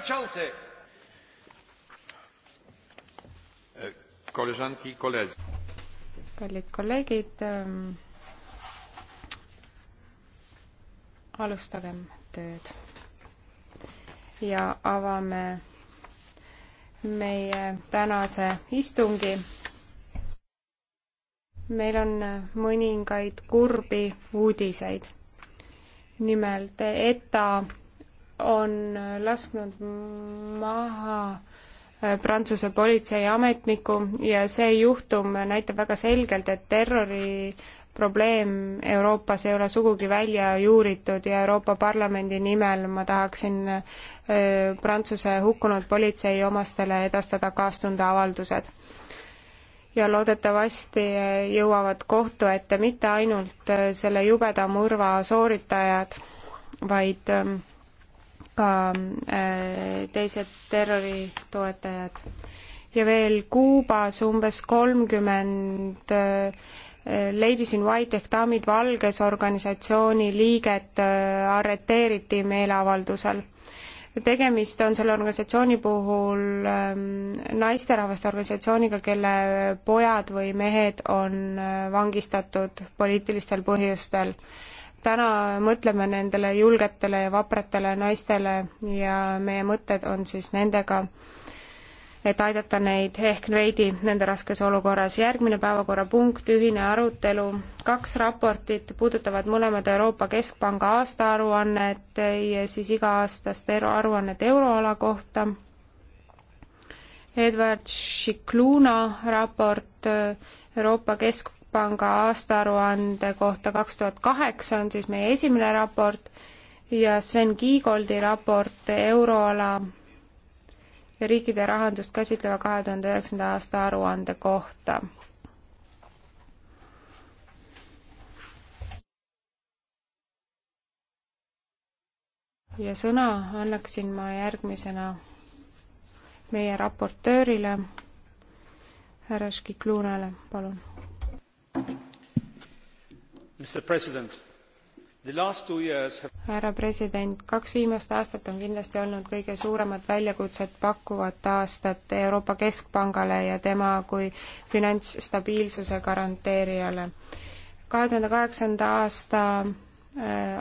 przewodniczący! Koleżanki i koledzy. Kallid kolleegid, ähm, alustagem tööd ja avame meie tänase istungi. meil on mõningaid kurbi uudiseid. nimelt ETA on lasknud maha äh, Prantsuse politseiametniku ja see juhtum näitab väga selgelt, et terrori probleem Euroopas ei ole sugugi välja juuritud ja Euroopa Parlamendi nimel ma tahaksin äh, Prantsuse hukkunud politsei omastele edastada kaastunde avaldused. ja loodetavasti äh, jõuavad kohtu ette mitte ainult selle jubeda murva sooritajad, vaid ähm, ka äh, teised terroritoetajad. ja veel Kuubas umbes kolmkümmend äh, Ladies in White ehk daamid valges organisatsiooni liiget äh, arreteeriti meeleavaldusel. tegemist on selle organisatsiooni puhul ähm, naisterahvaste organisatsiooniga, kelle pojad või mehed on vangistatud poliitilistel põhjustel täna mõtleme nendele julgetele ja vapratele naistele ja meie mõtted on siis nendega, et aidata neid ehk veidi nende raskes olukorras. järgmine päevakorrapunkt, ühine arutelu. kaks raportit puudutavad mõlemad Euroopa Keskpanga aastaaruannet ja siis iga-aastast aruannet euroala kohta. Edward Shikluna raport Euroopa Kesk-, Keskpanga aastaaruande kohta kaks tuhat kaheksa on siis meie esimene raport ja Sven Kiigoldi raport euroala ja riikide rahandust käsitleva kahe tuhande üheksanda aasta aruande kohta. ja sõna annaksin ma järgmisena meie raportöörile, härra Škiklunale, palun härra president, kaks viimast aastat on kindlasti olnud kõige suuremad väljakutsed pakkuvat aastat Euroopa Keskpangale ja tema kui finantsstabiilsuse garanteerijale. kahe tuhande kaheksanda aasta äh,